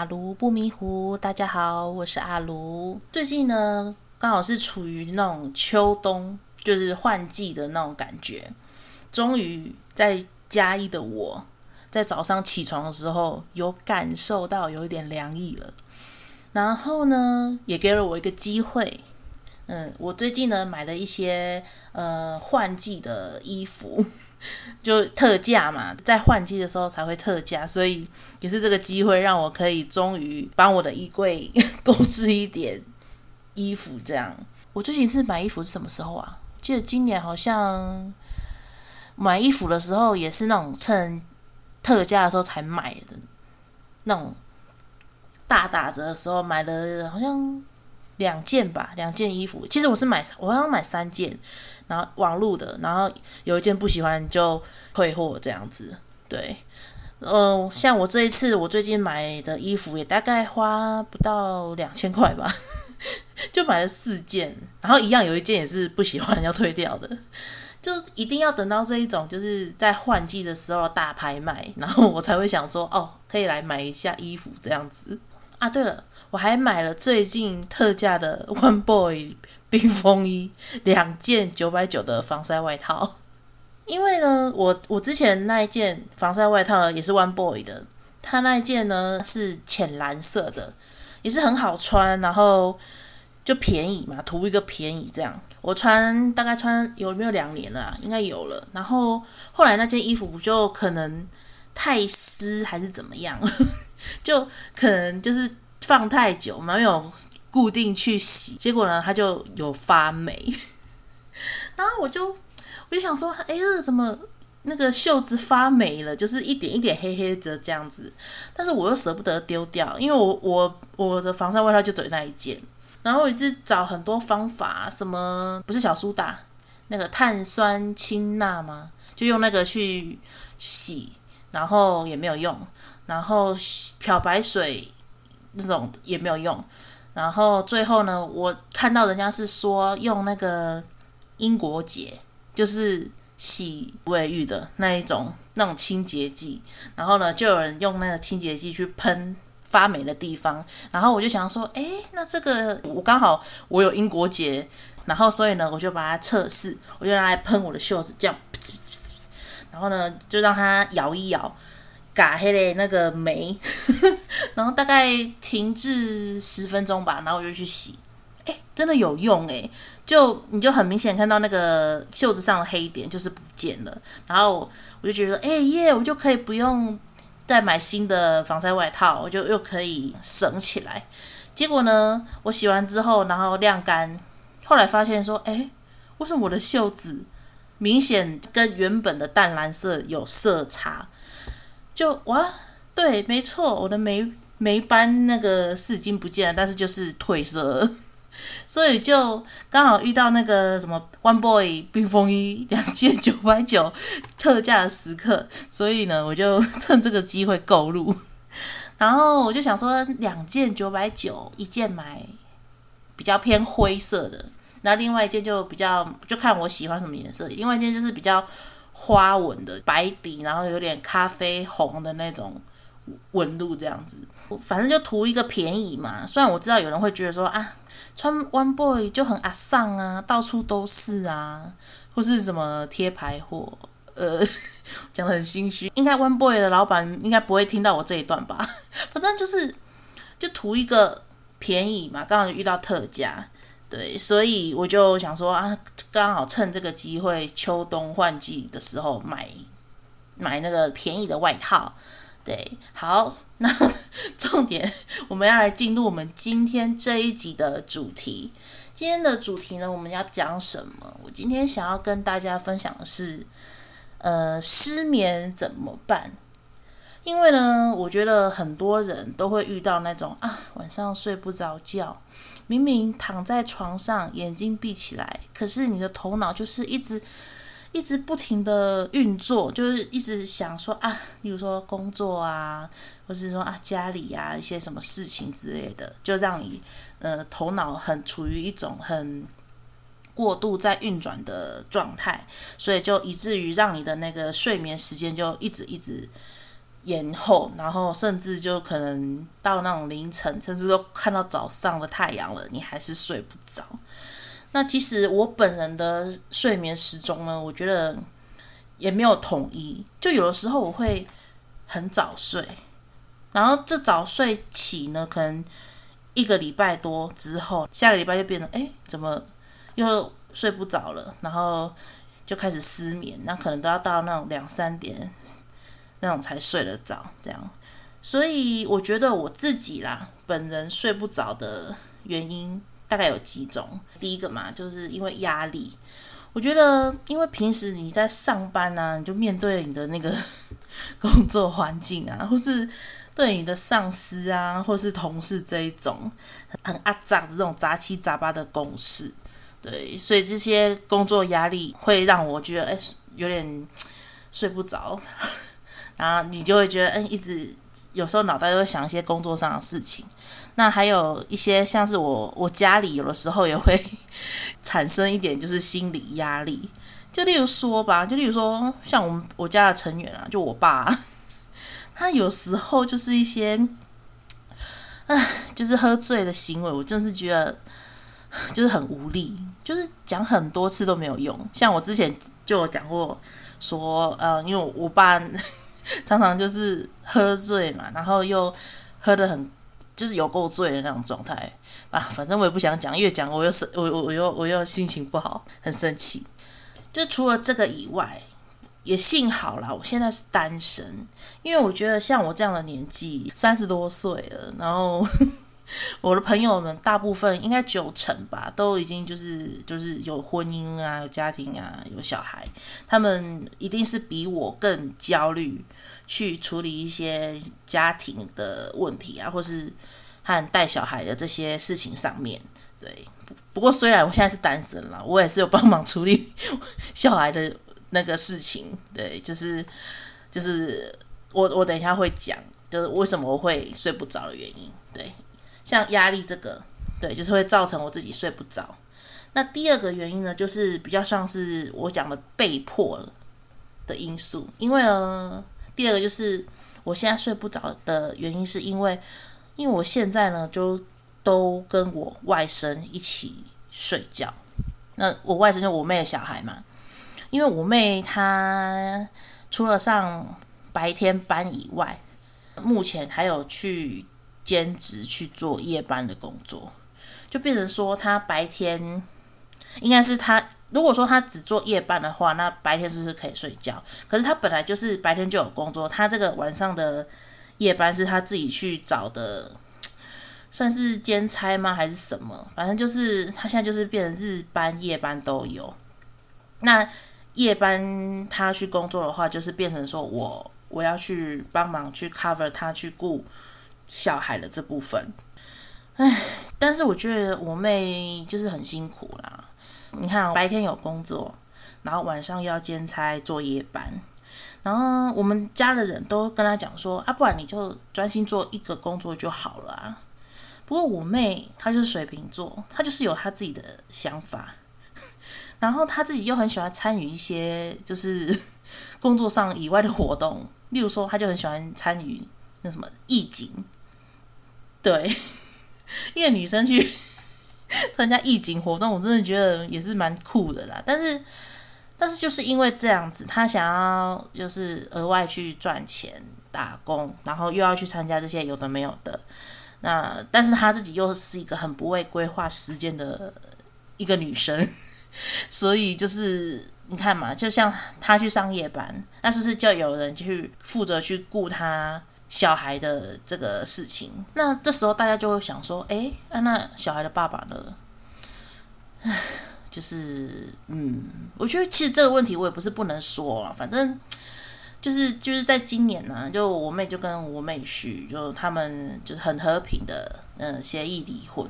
阿茹不迷糊，大家好，我是阿茹。最近呢，剛好是處於那種秋冬，就是換季的那種感覺。終於在嘉義的我，在早上起床的時候，有感受到有一點涼意了。然後呢，也給了我一個機會。嗯，我最近呢買了一些呃換季的衣服，就特價嘛，在換季的時候才會特價，所以也是這個機會讓我可以終於幫我的衣櫃購置一點衣服。這樣，我最近是買衣服是什麼時候啊？記得今年好像買衣服的時候也是那種趁特價的時候才買的，那種大打折的時候買的，好像。兩件吧，兩件衣服。其實我是買，我要買三件，然後網路的，然後有一件不喜歡就退貨這樣子。對，嗯、呃，像我這一次，我最近買的衣服也大概花不到兩千塊吧， 就買了四件，然後一樣有一件也是不喜歡要退掉的，就一定要等到這一種就是在換季的時候的大拍賣，然後我才會想說，哦，可以來買一下衣服這樣子。啊，對了。我還買了最近特價的 One Boy 冰鋒衣，兩件九百九的防曬外套，因為呢，我我之前那一件防曬外套呢也是 One Boy 的，它那一件呢是淺藍色的，也是很好穿，然後就便宜嘛，圖一個便宜這樣。我穿大概穿有沒有兩年了啊，應該有了。然後後來那件衣服不就可能太濕還是怎麼樣，呵呵就可能就是。放太久，沒有固定去洗，結果呢，它就有發霉。 然後我就我就想說，哎呀，怎麼那個袖子發霉了？就是一點一點黑黑的這樣子。但是我又舍不得丟掉，因為我我我的防曬外套就只有那一件。然後我一直找很多方法，什麼不是小蘇打那個碳酸氫鈉嗎？就用那個去洗，然後也沒有用。然後漂白水。那種也沒有用，然後最後呢，我看到人家是說用那個英國潔，就是洗衛浴的那一種那種清潔劑，然後呢就有人用那個清潔劑去噴發霉的地方，然後我就想說，哎，那這個我剛好我有英國潔，然後所以呢我就把它測試，我就拿來噴我的袖子，這樣，噗噗噗噗噗然後呢就讓它搖一搖。打黑的那個酶， 然後大概停滯十分鐘吧，然後我就去洗。哎，真的有用哎！就你就很明顯看到那個袖子上的黑點就是不見了。然後我就覺得，哎耶，yeah, 我就可以不用再買新的防曬外套，我就又可以省起來。結果呢，我洗完之後，然後晾乾，後來發現說，哎，為什麼我的袖子明顯跟原本的淡藍色有色差？就哇，對，沒錯，我的眉眉斑那個是已經不見了，但是就是褪色了，所以就剛好遇到那個什麼 One Boy 冰鋒衣兩件九百九特價的時刻，所以呢，我就趁這個機會購入。然後我就想說，兩件九百九，一件買比較偏灰色的，那另外一件就比較就看我喜歡什麼顏色，另外一件就是比較。花紋的白底，然後有點咖啡紅的那種紋路，這樣子，反正就圖一個便宜嘛。雖然我知道有人會覺得說啊，穿 One Boy 就很阿桑啊，到處都是啊，或是什麼貼牌貨，呃，講得很心虛。應該 One Boy 的老闆應該不會聽到我這一段吧？反正就是，就圖一個便宜嘛，剛好遇到特價。對，所以我就想說啊，剛好趁這個機會，秋冬換季的時候買買那個便宜的外套。對，好，那重點我們要來進入我們今天這一集的主題。今天的主題呢，我們要講什麼？我今天想要跟大家分享的是，呃，失眠怎麼辦？因為呢，我覺得很多人都會遇到那種啊，晚上睡不着覺。明明躺在床上，眼睛閉起來，可是你的頭腦就是一直、一直不停地運作，就是一直想說啊，比如說工作啊，或是說啊家裡呀、啊、一些什麼事情之類的，就讓你呃頭腦很處於一種很過度在運轉的狀態，所以就以至於讓你的那個睡眠時間就一直一直，延後，然後甚至就可能到那種凌晨，甚至都看到早上的太陽了，你還是睡不着。那其實我本人的睡眠時鐘呢，我覺得也沒有統一。就有的時候我會很早睡，然後這早睡起呢，可能一個禮拜多之後，下個禮拜就變成誒，怎麼又睡不着了，然後就開始失眠，那可能都要到那種兩三點。那種才睡得着，這樣，所以我覺得我自己啦，本人睡不着的原因大概有幾種。第一個嘛，就是因為壓力。我覺得，因為平時你在上班啊，你就面對你的那個工作環境啊，或是對你的上司啊，或是同事這一種很很阿雜的這種雜七雜八的公事，對，所以這些工作壓力會讓我覺得，哎，有點睡不着。然後你就會覺得，嗯，一直有時候腦袋就會想一些工作上的事情。那還有一些像是我我家裡有的時候也會產生一點就是心理壓力。就例如說吧，就例如說像我們我家的成員啊，就我爸，啊，他有時候就是一些，唉，就是喝醉的行為，我真是覺得就是很無力，就是講很多次都沒有用。像我之前就有講過說，說、呃、嗯，因為我，我爸。常常就是喝醉嘛，然後又喝得很，就是有夠醉的那種狀態啊。反正我也不想講，越講我又生我我我又我又心情不好，很生氣。就除了這個以外，也幸好啦。我現在是單身，因為我覺得像我這樣的年紀，三十多歲了，然後。 我的朋友們大部分應該九成吧，都已經就是就是有婚姻啊，有家庭啊，有小孩。他們一定是比我更焦慮去處理一些家庭的問題啊，或是和帶小孩的這些事情上面對。不過雖然我現在是單身了，我也是有幫忙處理 小孩的那個事情。對，就是就是我我等一下會講，就是為什麼我會睡不着的原因。對。像壓力這個，對，就是會造成我自己睡不着。那第二個原因呢，就是比較像是我講的被迫了的因素。因為呢，第二個就是我現在睡不着的原因，是因為因為我現在呢就都跟我外甥一起睡覺。那我外甥就我妹的小孩嘛，因為我妹她除了上白天班以外，目前還有去。兼職去做夜班的工作，就變成說他白天應該是他。如果說他只做夜班的話，那白天是不是可以睡覺？可是他本來就是白天就有工作，他這個晚上的夜班是他自己去找的，算是兼差嗎？還是什麼？反正就是他現在就是變成日班夜班都有。那夜班他去工作的話，就是變成說我我要去幫忙去 cover 他去顧。小孩的這部分，唉，但是我覺得我妹就是很辛苦啦。你看，白天有工作，然後晚上又要兼差做夜班，然後我們家的人都跟她講說：“啊，不然你就專心做一個工作就好了啊。”不過我妹她就是水瓶座，她就是有她自己的想法，然後她自己又很喜歡參與一些就是工作上以外的活動，例如說，她就很喜歡參與那什麼意境。對，因為女生去參加義警活動，我真的覺得也是蠻酷的啦。但是，但是就是因為這樣子，她想要就是額外去賺錢打工，然後又要去參加這些有的沒有的。那但是她自己又是一個很不會規劃時間的一個女生，所以就是你看嘛，就像她去上夜班，那是不是就有人去負責去僱她？小孩的這個事情，那這時候大家就會想說，哎，那、啊、那小孩的爸爸呢？哎，就是嗯，我覺得其實這個問題我也不是不能說啊，反正就是就是在今年呢、啊，就我妹就跟我妹婿就他們就是很和平的嗯、呃、協議離婚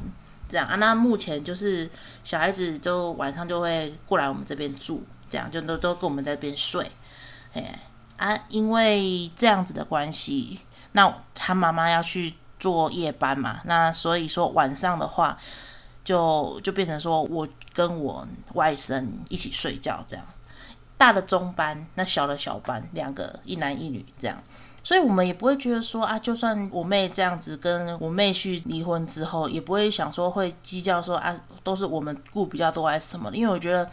這樣啊，那目前就是小孩子就晚上就會過來我們這邊住，這樣就都都跟我們在這邊睡，哎啊，因為這樣子的關係。那他媽媽要去做夜班嘛？那所以說晚上的話就，就就變成說，我跟我外甥一起睡覺這樣。大的中班，那小的小班，兩個一男一女這樣。所以我們也不會覺得說啊，就算我妹這樣子跟我妹婿離婚之後，也不會想說會計較說啊，都是我們顧比較多還是什麼的。因為我覺得，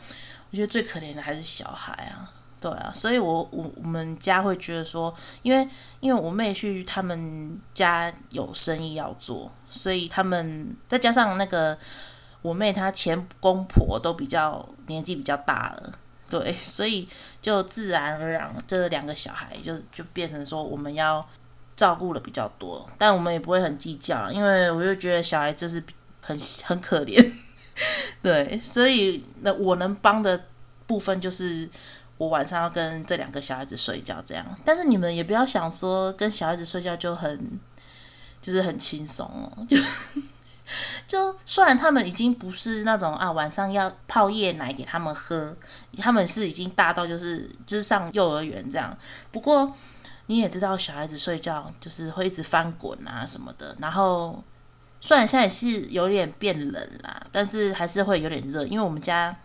我覺得最可憐的還是小孩啊。對啊，所以我，我我我們家會覺得說，因為因為我妹去他們家有生意要做，所以他們再加上那個我妹她前公婆都比較年紀比較大了，對，所以就自然而然這兩個小孩就就變成說我們要照顧的比較多，但我們也不會很計較，因為我就覺得小孩真是很很可憐，對，所以那我能幫的部分就是。我晚上要跟這兩個小孩子睡覺，這樣。但是你們也不要想說跟小孩子睡覺就很，就是很輕鬆哦。就 就雖然他們已經不是那種啊，晚上要泡夜奶給他們喝，他們是已經大到就是就是上幼兒園這樣。不過你也知道，小孩子睡覺就是會一直翻滾啊什麼的。然後雖然現在是有點變冷啦，但是還是會有點熱，因為我們家。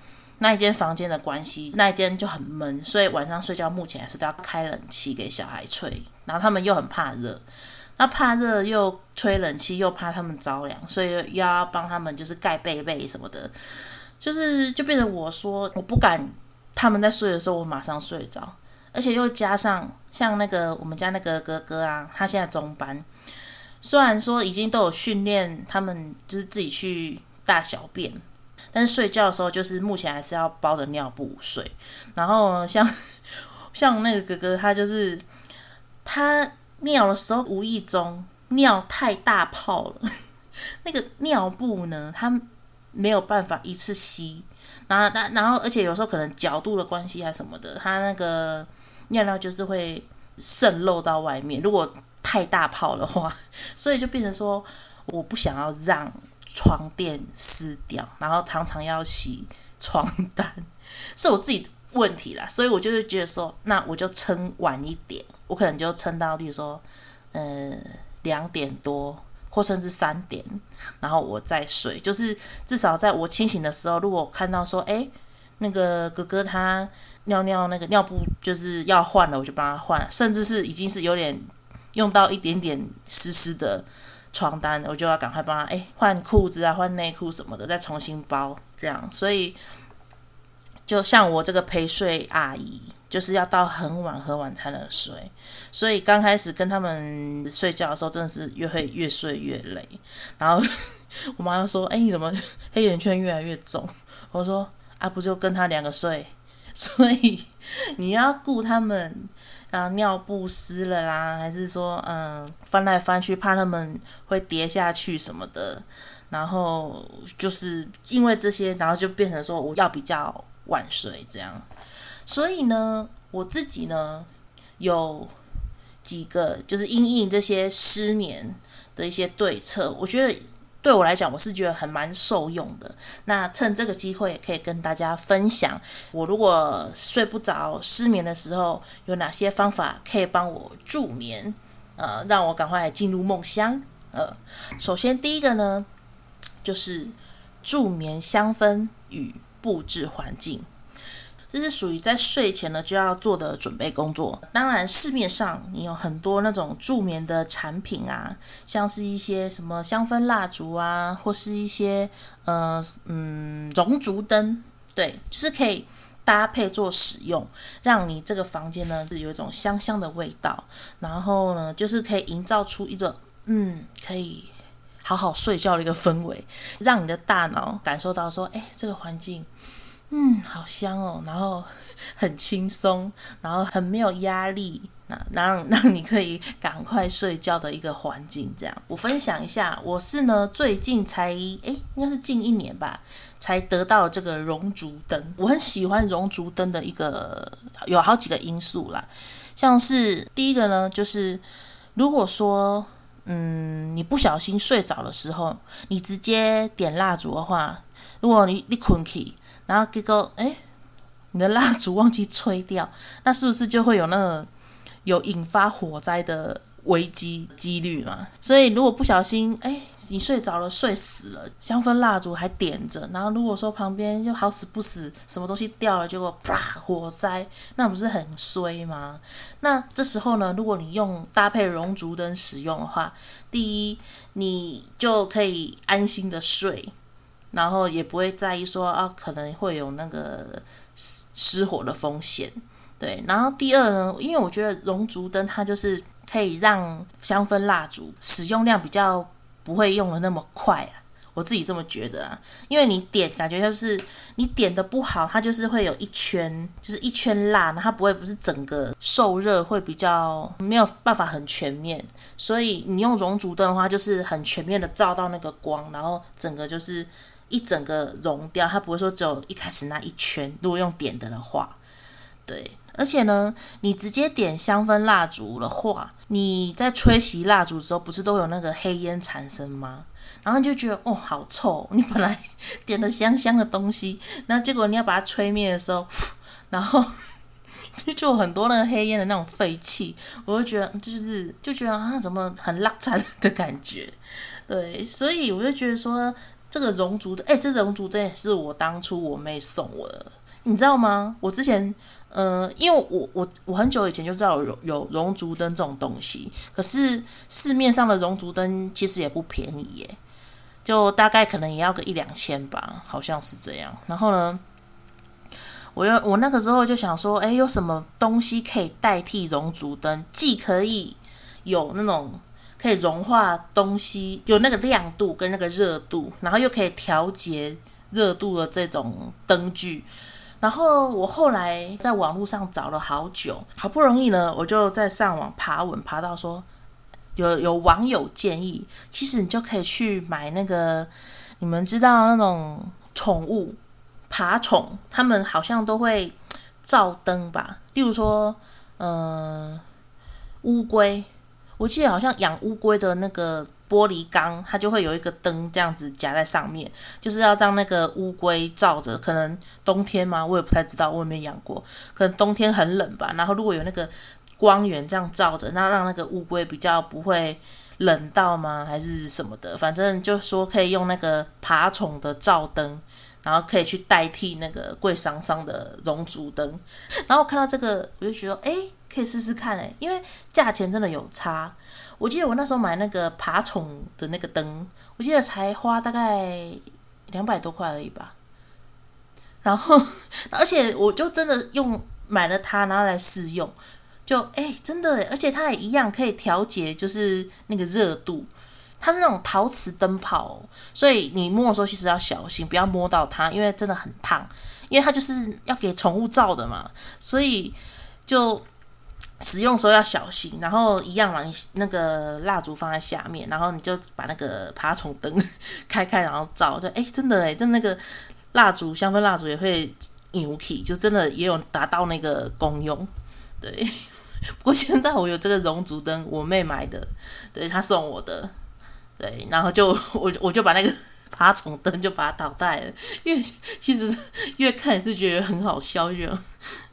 那一間房間的關係，那一間就很悶，所以晚上睡覺目前還是都要開冷氣給小孩吹。然後他們又很怕熱，那怕熱又吹冷氣，又怕他們着涼，所以又要幫他們就是蓋被被什麼的，就是就變成我說我不敢，他們在睡的時候我馬上睡着而且又加上像那個我們家那個哥哥啊，他現在中班，雖然說已經都有訓練他們就是自己去大小便。但是睡覺的時候，就是目前還是要包着尿布睡。然後像，像那個哥哥，他就是他尿的時候無意中尿太大泡了，那個尿布呢，他沒有辦法一次吸。然後，但然後，而且有時候可能角度的關係啊什麼的，他那個尿尿就是會滲漏到外面。如果太大泡的話，所以就變成說，我不想要讓。床墊濕掉，然後常常要洗床單，是我自己的問題啦，所以我就會覺得說，那我就撐晚一點，我可能就撐到，例如說，呃，兩點多或甚至三點，然後我再睡，就是至少在我清醒的時候，如果看到說，哎，那個哥哥他尿尿那個尿布就是要換了，我就幫他換，甚至是已經是有點用到一點點濕濕的。床單我就要趕快幫他誒，換褲子啊換內褲什麼的，再重新包這樣，所以就像我這個陪睡阿姨就是要到很晚很晚才能睡。所以剛開始跟他們睡覺的時候真的是越會越睡越累，然後我媽又說哎，你怎麼黑眼圈越來越重？我說啊不就跟他兩個睡，所以你要顧他們。啊，尿布濕了啦，還是說，嗯，翻來翻去怕他們會跌下去什麼的，然後就是因為這些，然後就變成說我要比較晚睡這樣。所以呢，我自己呢有幾個就是因應這些失眠的一些對策，我覺得。對我來講，我是覺得還蠻受用的。那趁這個機會，可以跟大家分享，我如果睡不着、失眠的時候，有哪些方法可以幫我助眠，呃，讓我趕快進入夢鄉。呃，首先第一個呢，就是助眠香氛與布置環境。這是屬於在睡前呢，就要做的準備工作。當然，市面上你有很多那種助眠的產品啊，像是一些什麼香氛蠟燭啊，或是一些呃嗯熔燭燈，對，就是可以搭配做使用，讓你這個房間呢是有一種香香的味道，然後呢就是可以營造出一個嗯可以好好睡覺的一個氛圍，讓你的大腦感受到說，誒，這個環境。嗯，好香哦，然後很輕鬆，然後很沒有壓力，那讓讓你可以趕快睡覺的一個環境。這樣，我分享一下，我是呢最近才，哎，應該是近一年吧，才得到這個熔燭燈。我很喜歡熔燭燈的一個，有好幾個因素啦，像是第一個呢，就是如果說，嗯，你不小心睡着的時候，你直接點蠟燭的話，如果你你困起，然後給個誒、欸，你的蠟燭忘記吹掉，那是不是就會有那個有引發火災的危機幾率嘛？所以如果不小心，誒、欸，你睡着了，睡死了，香氛蠟燭還點着，然後如果說旁邊又好死不死，什麼東西掉了，結果啪，火災，那不是很衰嗎？那這時候呢，如果你用搭配熔燭燈使用的話，第一，你就可以安心的睡。然後也不會在意說啊，可能會有那個失失火的風險，對。然後第二呢，因為我覺得熔燭燈它就是可以讓香氛蠟燭使用量比較不會用得那麼快啊，我自己這麼覺得啊。因為你點感覺就是你點得不好，它就是會有一圈，就是一圈蠟，然後它不會不是整個受熱會比較沒有辦法很全面。所以你用熔燭燈的話，就是很全面的照到那個光，然後整個就是。一整個融掉，它不會說只有一開始那一圈。如果用點的的話，對，而且呢，你直接點香氛蠟燭的話，你在吹熄蠟燭之後，不是都有那個黑煙產生嗎？然後你就覺得哦，好臭！你本來點的香香的東西，然後結果你要把它吹滅的時候，然後就有很多那個黑煙的那種廢氣，我就覺得就是就覺得啊，怎麼很垃圾的感覺？對，所以我就覺得說。這個熔燭燈，誒，這熔燭燈也是我當初我妹送我的，你知道嗎？我之前，呃，因為我我我很久以前就知道有有熔燭燈這種東西，可是市面上的熔燭燈其實也不便宜耶，就大概可能也要個一兩千吧，好像是這樣。然後呢，我我那個時候就想說，誒，有什麼東西可以代替熔燭燈，既可以有那種。可以融化東西，有那個亮度跟那個熱度，然後又可以調節熱度的這種燈具。然後我後來在網絡上找了好久，好不容易呢，我就在上網爬文爬到說有有網友建議，其實你就可以去買那個你們知道那種寵物爬蟲，他們好像都會照燈吧？例如說，嗯、呃，烏龜。我記得好像養烏龜的那個玻璃缸，它就會有一個燈這樣子夾在上面，就是要讓那個烏龜照着。可能冬天嘛，我也不太知道，我也沒養過。可能冬天很冷吧。然後如果有那個光源這樣照着，那讓那個烏龜比較不會冷到嗎？還是什麼的？反正就說可以用那個爬蟲的照燈，然後可以去代替那個貴桑桑的熔岩燈。然後我看到這個，我就覺得，哎。可以試試看誒，因為價錢真的有差。我記得我那時候買那個爬寵的那個燈，我記得才花大概兩百多塊而已吧。然後呵呵，而且我就真的用買了它，拿來試用，就哎、欸，真的，而且它也一樣可以調節，就是那個熱度。它是那種陶瓷燈泡，所以你摸的時候其實要小心，不要摸到它，因為真的很燙。因為它就是要給寵物照的嘛，所以就。使用的時候要小心，然後一樣嘛，你那個蠟燭放在下面，然後你就把那個爬蟲燈開開，然後照就，誒、欸，真的哎，但那個蠟燭、香氛蠟燭也會牛皮，就真的也有達到那個功用。對， 不過現在我有這個熔燭燈，我妹買的，對，她送我的，對，然後就我我就把那個爬蟲燈就把它淘汰了，因為其實越看也是覺得很好笑，就。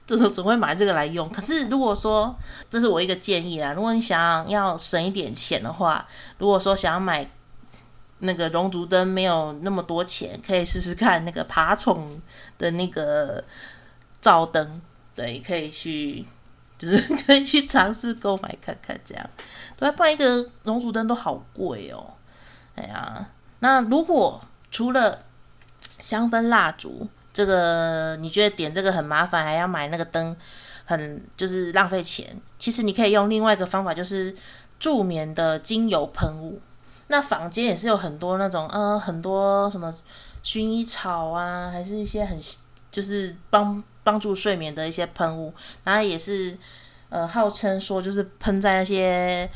這時候總會買這個來用。可是如果說，這是我一個建議啊，如果你想要省一點錢的話，如果說想要買那個熔燭燈沒有那麼多錢，可以試試看那個爬蟲的那個照燈。對，可以去，就是可以去嘗試購買看看。這樣，對，不然一個熔燭燈都好貴哦。哎呀、啊，那如果除了香氛蠟燭。這個你覺得點這個很麻煩，還要買那個燈，很就是浪費錢。其實你可以用另外一個方法，就是助眠的精油噴霧。那坊間也是有很多那種，嗯、呃，很多什麼薰衣草啊，還是一些很就是幫幫助睡眠的一些噴霧，然後也是呃，號稱說就是噴在那些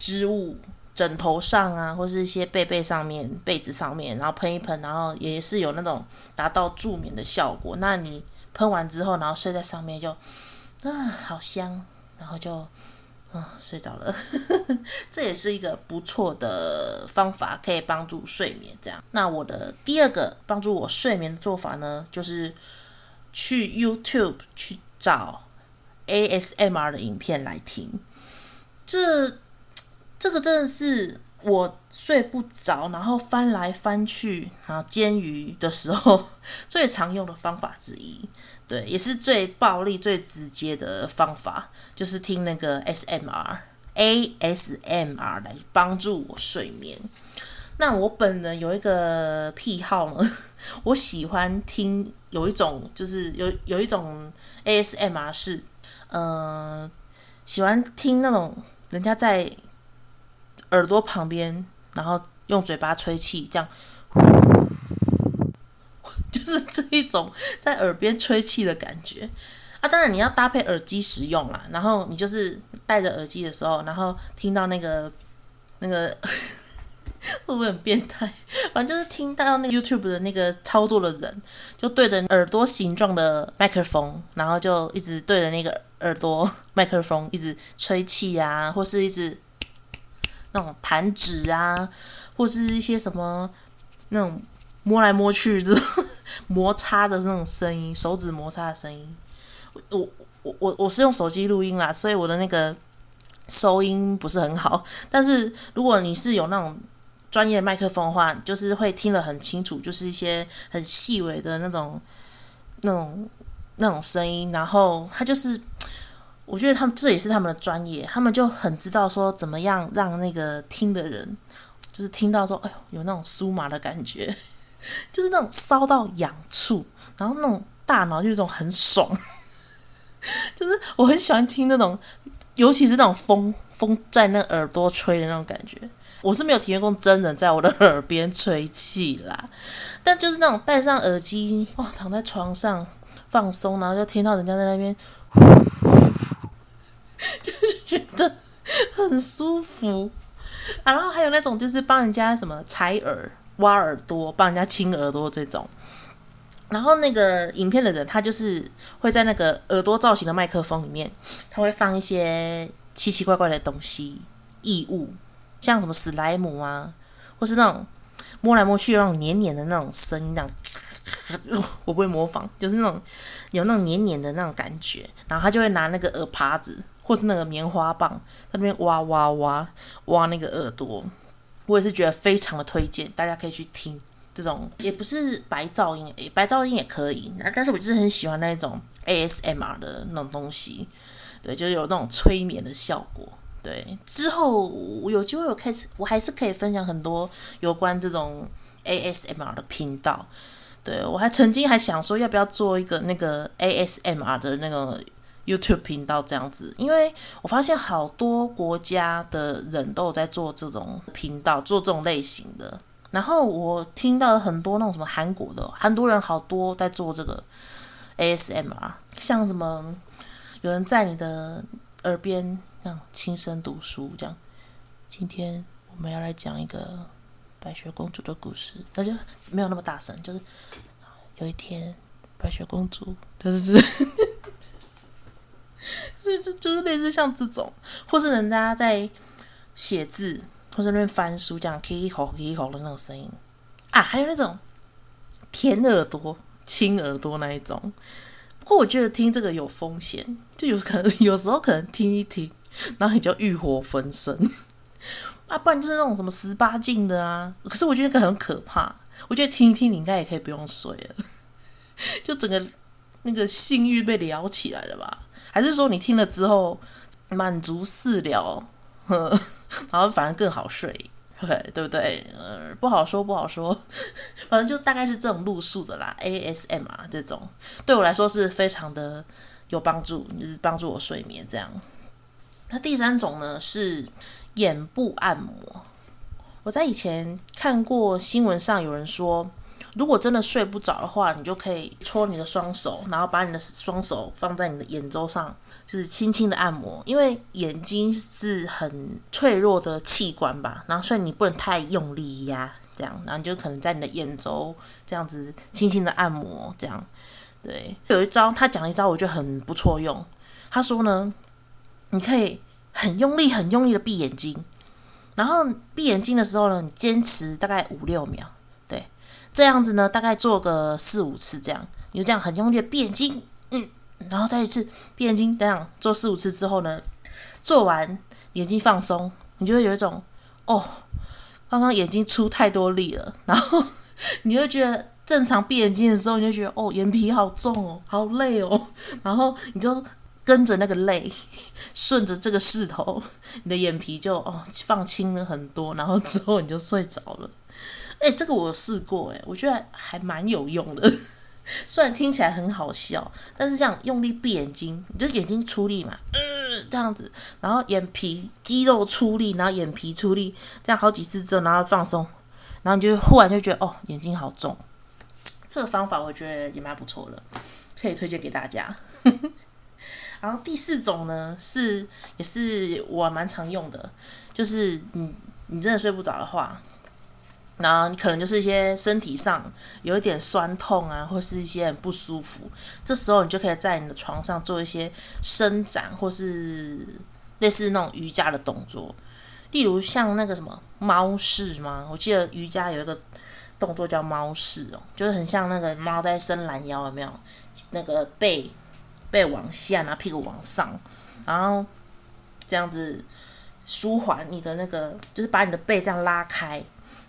織物。枕頭上啊，或是一些被被上面，被子上面，然後噴一噴，然後也是有那種達到助眠的效果。那你噴完之後，然後睡在上面就，啊，好香，然後就，啊，睡着了。 這也是一個不錯的方法，可以幫助睡眠。這樣，那我的第二個幫助我睡眠的做法呢，就是去 YouTube 去找 ASMR 的影片來聽。這。這個真的是我睡不着，然後翻來翻去然後煎魚的時候最常用的方法之一，對，也是最暴力、最直接的方法，就是聽那個 ASMR，ASMR AS 來幫助我睡眠。那我本人有一個癖好呢，我喜歡聽有一種，就是有有一種 ASMR 是，嗯、呃，喜歡聽那種人家在。耳朵旁邊，然後用嘴巴吹氣，這樣呼，就是這一種在耳邊吹氣的感覺啊！當然你要搭配耳機使用啦，然後你就是戴着耳機的時候，然後聽到那個那個會不會很變態？反正就是聽到那個 YouTube 的那個操作的人，就對着耳朵形狀的麥克風，然後就一直對着那個耳朵麥克風一直吹氣啊，或是一直。那種彈指啊，或是一些什麼那種摸來摸去的呵呵摩擦的那種聲音，手指摩擦的聲音。我我我我是用手機錄音啦，所以我的那個收音不是很好。但是如果你是有那種專業麥克風的話，就是會聽得很清楚，就是一些很細微的那種、那種、那種聲音。然後它就是。我覺得他們這也是他們的專業，他們就很知道說怎麼樣讓那個聽的人就是聽到說，哎呦，有那種酥麻的感覺，就是那種燒到癢處，然後那種大腦就一種很爽，就是我很喜歡聽那種，尤其是那種風風在那耳朵吹的那種感覺。我是沒有體驗過真人在我的耳邊吹氣啦，但就是那種戴上耳機哇、哦，躺在床上放鬆，然後就聽到人家在那邊。 就是覺得很舒服，啊，然後還有那種就是幫人家什麼採耳、挖耳朵、幫人家清耳朵這種。然後那個影片的人，他就是會在那個耳朵造型的麥克風裡面，他會放一些奇奇怪怪的東西、異物，像什麼史萊姆啊，或是那種摸來摸去，那種黏黏的那種聲音，那種嘖嘖嘖，我不會模仿，就是那種有那種黏黏的那種感覺。然後他就會拿那個耳耙子，或是那個棉花棒在那邊挖挖挖挖那個耳朵，我也是覺得非常的推薦，大家可以去聽這種也不是白噪音，欸，白噪音也可以，那但是我就是很喜歡那一種 ASMR 的那種東西，對，就是有那種催眠的效果，對。之後我有機會我開始，我還是可以分享很多有關這種 ASMR 的頻道，對，我還曾經還想說要不要做一個那個 ASMR 的那個。YouTube 頻道這樣子，因為我發現好多國家的人都有在做這種頻道，做這種類型的。然後我聽到了很多那種什麼韓國的，很多人好多在做這個 ASMR，像什麼有人在你的耳邊那樣輕聲讀書這樣。今天我們要來講一個白雪公主的故事，那就沒有那麼大聲，就是有一天白雪公主，這是。 就是、就是、就是類似像這種，或是人家在寫字，或是那邊翻書這樣，可以吼可以吼的那種聲音啊，還有那種舔耳朵、親耳朵那一種。不過我覺得聽這個有風險，就有可能有時候可能聽一聽，然後你就欲火焚身啊。不然就是那種什麼十八禁的啊。可是我覺得那個很可怕，我覺得聽一聽你應該也可以不用睡了，就整個。那個性欲被撩起來了吧？還是說你聽了之後滿足私聊，然後反而更好睡對,對不對？呃，不好說，不好說。反正就大概是這種路數的啦，ASMR 這種，對我來說是非常的有幫助，就是幫助我睡眠這樣。那第三種呢是眼部按摩。我在以前看過新聞上有人說。如果真的睡不着的話，你就可以搓你的雙手，然後把你的雙手放在你的眼周上，就是輕輕的按摩，因為眼睛是很脆弱的器官吧。然後，所以你不能太用力壓啊，這樣，然後你就可能在你的眼周這樣子輕輕的按摩，這樣。對，有一招，他講一招，我覺得很不錯用。他說呢，你可以很用力、很用力的閉眼睛，然後閉眼睛的時候呢，你堅持大概五六秒。這樣子呢，大概做個四五次這樣，你就這樣很用力閉眼睛，嗯，然後再一次閉眼睛，這樣做四五次之後呢，做完眼睛放鬆，你就會有一種哦，剛剛眼睛出太多力了，然後你就覺得正常閉眼睛的時候，你就覺得哦，眼皮好重哦，好累哦，然後你就跟着那個累，順着這個勢頭，你的眼皮就哦放輕了很多，然後之後你就睡着了。誒、欸，這個我試過，誒，我覺得還，還蠻有用的。雖然聽起來很好笑，但是這樣用力閉眼睛，你就眼睛出力嘛，嗯、呃，這樣子，然後眼皮肌肉出力，然後眼皮出力，這樣好幾次之後，然後放鬆，然後你就忽然就覺得哦，眼睛好重。這個方法我覺得也蠻不錯的，可以推薦給大家。然後第四種呢，是也是我蠻常用的，就是你你真的睡不着的話。然後你可能就是一些身體上有一點痠痛啊，或是一些很不舒服，這時候你就可以在你的床上做一些伸展，或是類似那種瑜伽的動作，例如像那個什麼貓式嗎？我記得瑜伽有一個動作叫貓式哦，就是很像那個貓在伸懶腰，有沒有？那個背背往下，然後屁股往上，然後這樣子舒緩你的那個，就是把你的背這樣拉開。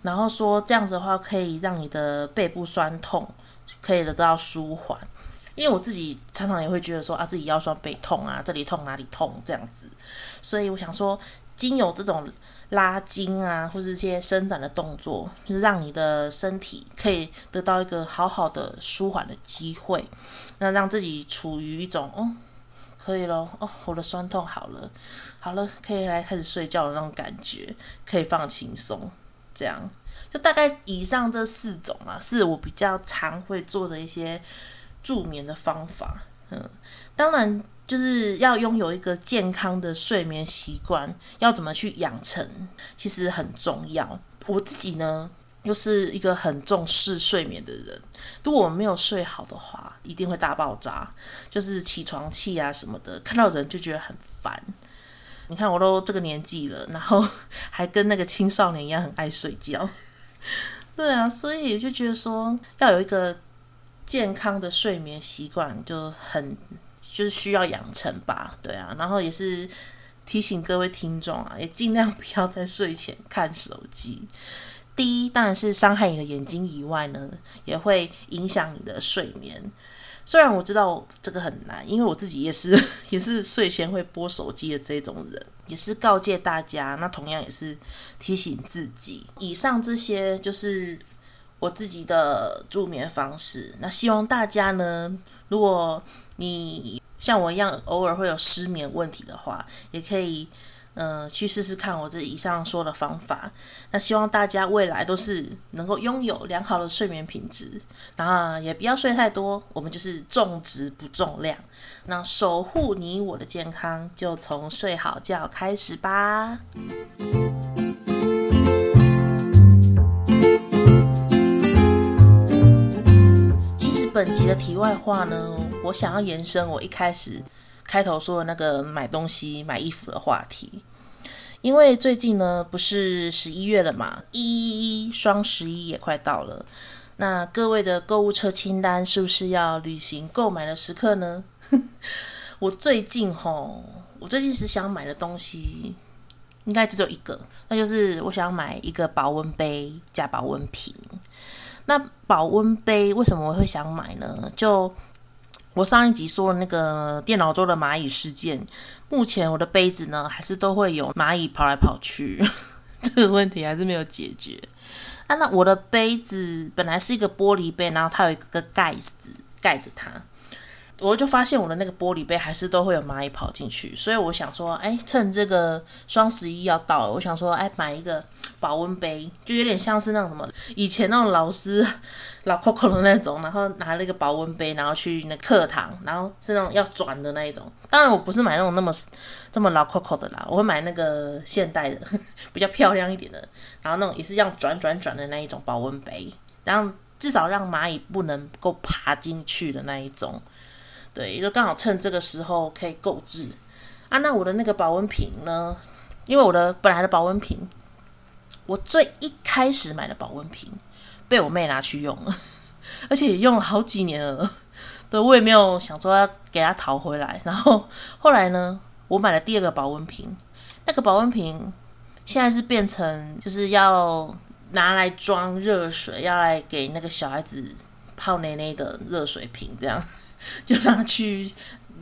然後說這樣子的話，可以讓你的背部痠痛可以得到舒緩，因為我自己常常也會覺得說啊，自己腰痠背痛啊，這裡痛哪裡痛這樣子，所以我想說，經由這種拉筋啊，或是一些伸展的動作，就是讓你的身體可以得到一個好好的舒緩的機會，那讓自己處於一種哦可以了哦，我的痠痛好了，好了，可以來開始睡覺的那種感覺，可以放輕鬆。這樣，就大概以上這四種啊，是我比較常會做的一些助眠的方法。嗯，當然就是要擁有一個健康的睡眠習慣，要怎麼去養成，其實很重要。我自己呢，又是一個很重視睡眠的人，如果我沒有睡好的話，一定會大爆炸，就是起床氣啊什麼的，看到人就覺得很煩。你看我都這個年紀了，然後還跟那個青少年一樣很愛睡覺，對啊，所以就覺得說要有一個健康的睡眠習慣就很就是需要養成吧，對啊，然後也是提醒各位聽眾啊，也盡量不要在睡前看手機。第一，當然是傷害你的眼睛以外呢，也會影響你的睡眠。雖然我知道這個很難，因為我自己也是也是睡前會撥手機的這種人，也是告誡大家，那同樣也是提醒自己。以上這些就是我自己的助眠方式。那希望大家呢，如果你像我一樣偶爾會有失眠問題的話，也可以。嗯、呃，去試試看我這以上說的方法。那希望大家未來都是能夠擁有良好的睡眠品質，然後也不要睡太多。我們就是重質不重量。那守護你我的健康，就從睡好覺開始吧。其實本集的題外話呢，我想要延伸我一開始。開頭說的那個買東西、買衣服的話題，因為最近呢，不是十一月了嘛，一一雙十一也快到了，那各位的購物車清單是不是要履行購買的時刻呢？ 我最近吼，我最近是想買的東西，應該只有一個，那就是我想買一個保溫杯加保溫瓶。那保溫杯為什麼我會想買呢？就我上一集說的那個電腦桌的螞蟻事件，目前我的杯子呢，還是都會有螞蟻跑來跑去，呵呵，這個問題還是沒有解決。那、啊、那我的杯子本來是一個玻璃杯，然後它有一個個蓋子蓋着它。我就發現我的那個玻璃杯還是都會有螞蟻跑進去，所以我想說，哎，趁這個雙十一要到了，我想說，哎，買一個保溫杯,就有點像是那種什麼以前那種老師老扣扣的那種，然後拿了一個保溫杯，然後去那課堂，然後是那種要轉的那一種。當然我不是買那種那麼這麼老扣扣的啦，我會買那個現代的，呵呵，比較漂亮一點的，然後那種也是要轉轉轉的那一種保溫杯，然後至少讓螞蟻不能夠爬進去的那一種。對，也就剛好趁這個時候可以購置啊。那我的那個保溫瓶呢？因為我的本來的保溫瓶，我最一開始買的保溫瓶被我妹拿去用了，而且也用了好幾年了。對，我也沒有想說要給她討回來。然後後來呢，我買了第二個保溫瓶，那個保溫瓶現在是變成就是要拿來裝熱水，要來給那個小孩子，泡奶奶的熱水瓶，這樣就讓它去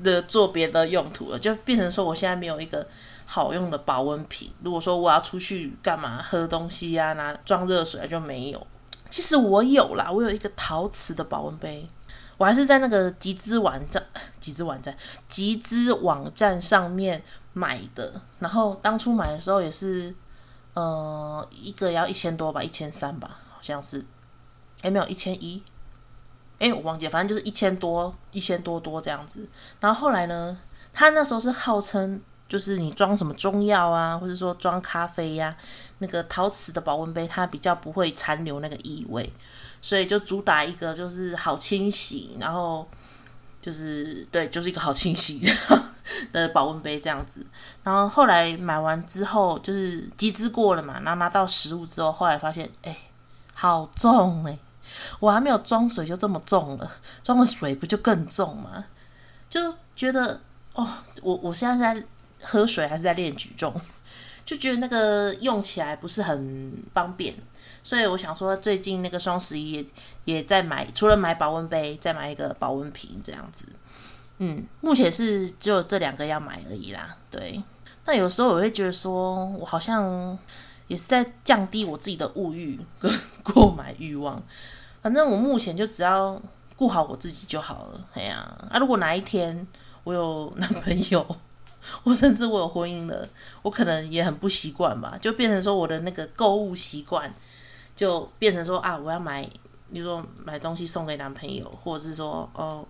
的做別的用途了，就變成說我現在沒有一個好用的保溫瓶。如果說我要出去幹嘛喝東西呀、啊，拿裝熱水、啊、就沒有。其實我有啦，我有一個陶瓷的保溫杯，我還是在那個集資網站、集資網站、集資網站上面買的。然後當初買的時候也是，呃，一個要一千多吧，一千三吧，好像是，也、欸、沒有一千一。哎，我忘記了，反正就是一千多，一千多多這樣子。然後後來呢，他那時候是號稱就是你裝什麼中藥啊，或者說裝咖啡呀、啊，那個陶瓷的保溫杯它比較不會殘留那個異味，所以就主打一個就是好清洗，然後就是對，就是一個好清洗的， 的保溫杯這樣子。然後後來買完之後就是集資過了嘛，然後拿到實物之後，後來發現哎，好重哎、欸。我還沒有裝水就這麼重了，裝了水不就更重嗎？就覺得哦，我我現在在喝水還是在練舉重，就覺得那個用起來不是很方便，所以我想說最近那個雙十一也也在買，除了買保溫杯，再買一個保溫瓶這樣子。嗯，目前是只有這兩個要買而已啦。對，但有時候我會覺得說我好像。也是在降低我自己的物欲跟購買欲望。反正我目前就只要顧好我自己就好了。哎呀，啊，啊，如果哪一天我有男朋友，我甚至我有婚姻了，我可能也很不習慣吧。就變成說我的那個購物習慣，就變成說啊，我要買，比如說買東西送給男朋友，或者是說哦，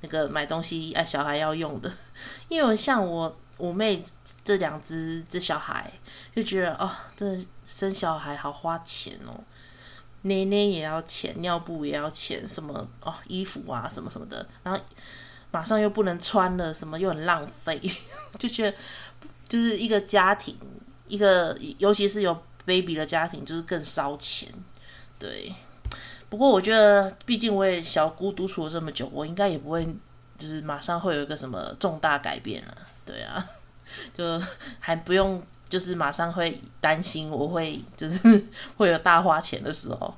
那個買東西啊，小孩要用的。因為像我，我妹。這兩隻這小孩就覺得哦，真的生小孩好花錢哦，奶奶也要錢，尿布也要錢，什麼哦，衣服啊什麼什麼的，然後馬上又不能穿了，什麼又很浪費， 就覺得就是一個家庭，一個尤其是有 baby 的家庭，就是更燒錢。對，不過我覺得，畢竟我也小姑獨處了這麼久，我應該也不會，就是馬上會有一個什麼重大改變了，啊，對啊。就還不用，就是馬上會擔心我會就是會有大花錢的時候。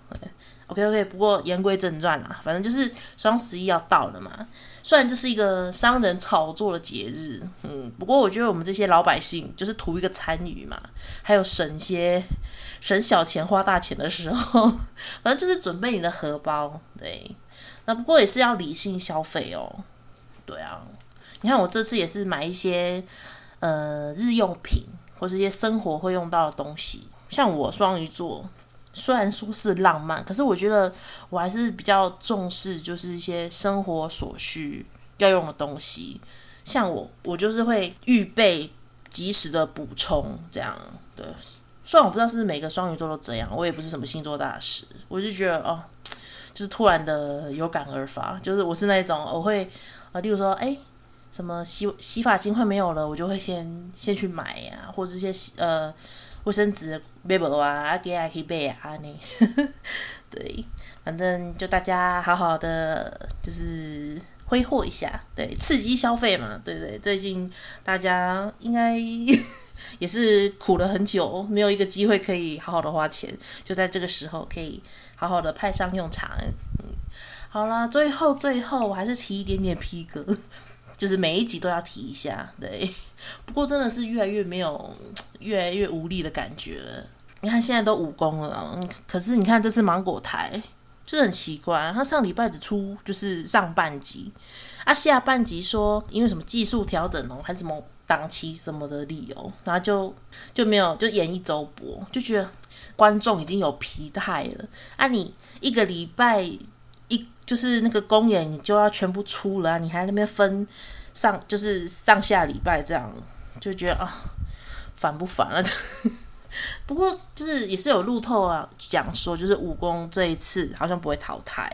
OK OK，不過言歸正傳啦，反正就是雙十一要到了嘛。雖然這是一個商人炒作的節日，嗯，不過我覺得我們這些老百姓就是圖一個參與嘛，還有省些省小錢花大錢的時候，反正就是準備你的荷包。對，那不過也是要理性消費哦。對啊，你看我這次也是買一些。呃，日用品或是一些生活會用到的東西，像我雙魚座，雖然說是浪漫，可是我覺得我還是比較重視，就是一些生活所需要用的東西。像我，我就是會預備及時的補充，這樣的。對。雖然我不知道是每個雙魚座都這樣，我也不是什麼星座大師，我就覺得哦，就是突然的有感而發，就是我是那種，我會啊、呃，例如說，哎。什麼洗洗髮精快沒有了，我就會先先去買呀、啊，或者一些呃衛生紙、啊、b a p e r 啊，給也可以備啊，你呵呵對，反正就大家好好的就是揮霍一下，對，刺激消費嘛，對不對？最近大家應該呵呵也是苦了很久，沒有一個機會可以好好的花錢，就在這個時候可以好好的派上用場。嗯，好啦，最後最後我還是提一點點披哥。就是每一集都要提一下，對。不過真的是越來越沒有，越來越無力的感覺了。你看現在都五公了，可是你看這是芒果台，就是很奇怪。他上禮拜只出就是上半集，啊下半集說因為什麼技術調整哦，還是什麼檔期什麼的理由，然後就就沒有就演一周播，就覺得觀眾已經有疲態了。啊，你一個禮拜。就是那個公演，你就要全部出了、啊，你還在那邊分上，就是上下禮拜這樣，就覺得啊，煩不煩了？ 不過就是也是有路透啊，講說就是五公這一次好像不會淘汰，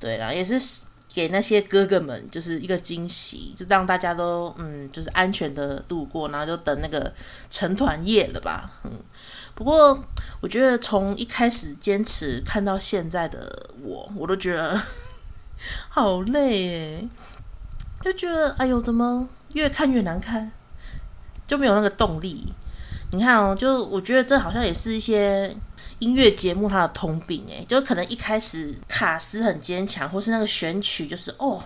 對啦，也是給那些哥哥們就是一個驚喜，就讓大家都嗯，就是安全的度過，然後就等那個成團夜了吧，嗯。不過我覺得從一開始堅持看到現在的我，我都覺得。好累欸，就覺得哎呦，怎麼越看越難看，就沒有那個動力。你看哦，就我覺得這好像也是一些音樂節目它的通病誒，就可能一開始卡司很堅強，或是那個選曲就是哦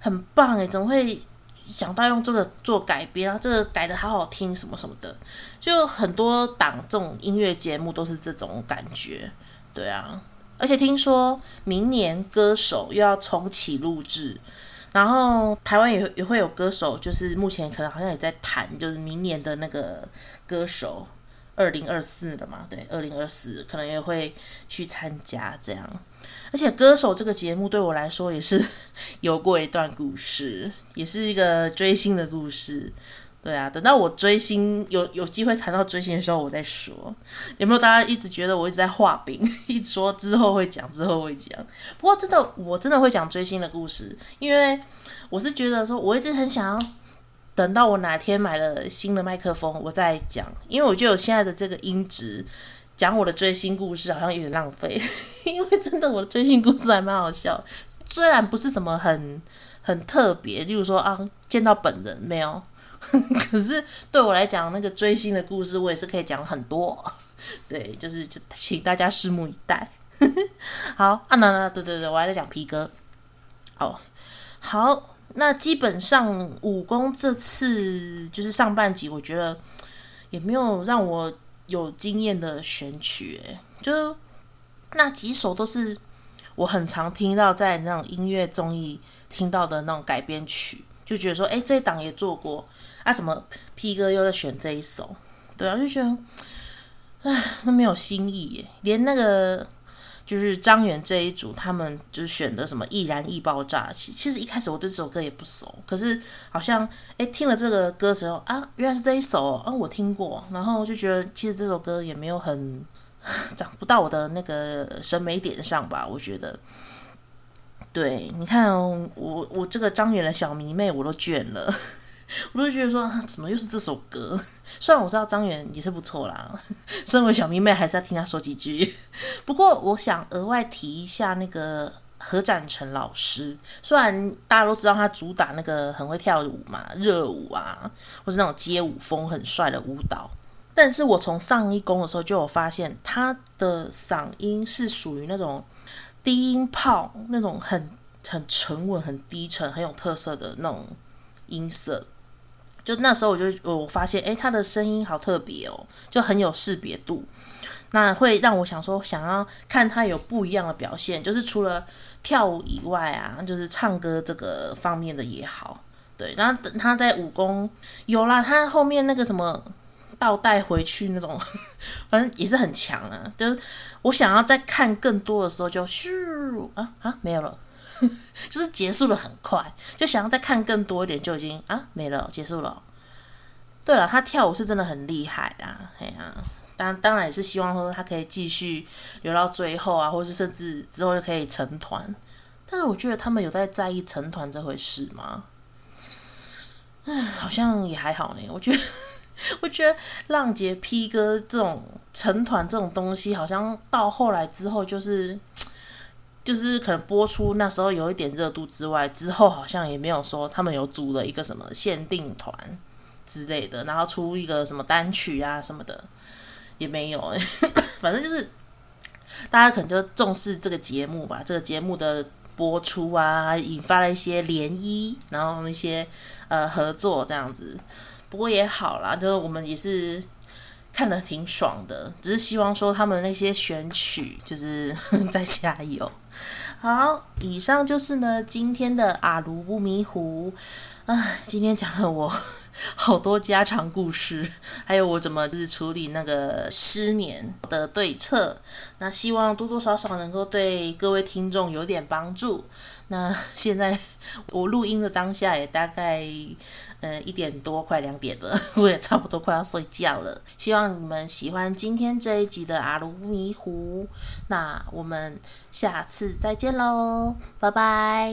很棒誒，怎麼會想到用這個做改編啊？這個改的好好聽，什麼什麼的，就很多檔這種音樂節目都是這種感覺，對啊。而且聽說明年歌手又要重啟錄製，然後台灣也會也會有歌手，就是目前可能好像也在談，就是明年的那個歌手二零二四了嘛？對，二零二四可能也會去參加這樣。而且歌手這個節目對我來說也是有過一段故事，也是一個追星的故事。對啊，等到我追星有有機會談到追星的時候，我再說。有沒有大家一直覺得我一直在畫餅，一直說之後會講，之後會講？不過真的，我真的會講追星的故事，因為我是覺得說，我一直很想要等到我哪天買了新的麥克風，我再講。因為我覺得我現在的這個音質講我的追星故事好像有點浪費，因為真的我的追星故事還蠻好笑，雖然不是什麼很很特別，例如說啊，見到本人沒有。 可是對我來講，那個追星的故事我也是可以講很多。對，就是就請大家拭目以待。 好啊，那那對對對，我還在講披哥。哦，oh，好，那基本上五公這次就是上半集，我覺得也沒有讓我有驚豔的選曲，就那幾首都是我很常聽到在那種音樂綜藝聽到的那種改編曲，就覺得說，誒，這一檔也做過。啊，怎麼披哥又在選這一首？對啊，就覺得，唉，那沒有新意耶。連那個就是張遠這一組，他們就是選的什麼《易燃易爆炸》。其實一開始我對這首歌也不熟，可是好像哎、欸、聽了這個歌的時候啊，原來是這一首啊，我聽過。然後我就覺得，其實這首歌也沒有很長不到我的那個審美點上吧？我覺得，對你看、哦、我我這個張遠的小迷妹我都倦了。我就覺得說，怎麼又是這首歌？雖然我知道張遠也是不錯啦，身為小迷妹還是要聽他說幾句。不過我想額外提一下那個何展成老師，雖然大家都知道他主打那個很會跳舞嘛，熱舞啊，或是那種街舞風很帥的舞蹈，但是我從上一公的時候就有發現，他的嗓音是屬於那種低音炮，那種很很沉穩、很低沉、很有特色的那種音色。就那時候我就我發現，哎，他的聲音好特別哦，就很有識別度，那會讓我想說想要看他有不一樣的表現，就是除了跳舞以外啊，就是唱歌這個方面的也好，對。然後等他在武功有啦，他後面那個什麼倒帶回去那種呵呵，反正也是很強啊。就是我想要再看更多的時候，就咻啊啊，沒有了。 就是結束的很快，就想要再看更多一點，就已經啊沒了，結束了。對了，他跳舞是真的很厲害啊，嘿啊，當然當然也是希望說他可以繼續留到最後啊，或者是甚至之後就可以成團。但是我覺得他們有在在意成團這回事嗎？好像也還好呢。我覺得，我覺得浪姐、披哥這種成團這種東西，好像到後來之後就是。就是可能播出那時候有一點熱度之外，之後好像也沒有說他們有組了一個什麼限定團之類的，然後出一個什麼單曲啊什麼的也沒有耶。 反正就是大家可能就重視這個節目吧，這個節目的播出啊，引發了一些漣漪，然後一些呃合作這樣子。不過也好啦，就是我們也是。看得挺爽的，只是希望說他們那些選曲就是在加油。好，以上就是呢今天的阿茹不迷糊。唉、啊，今天講了我好多家常故事，還有我怎麼就是處理那個失眠的對策。那希望多多少少能夠對各位聽眾有點幫助。那現在我錄音的當下也大概，呃一點多快兩點了，我也差不多快要睡覺了。希望你們喜歡今天這一集的阿茹迷糊，那我們下次再見嘍，拜拜。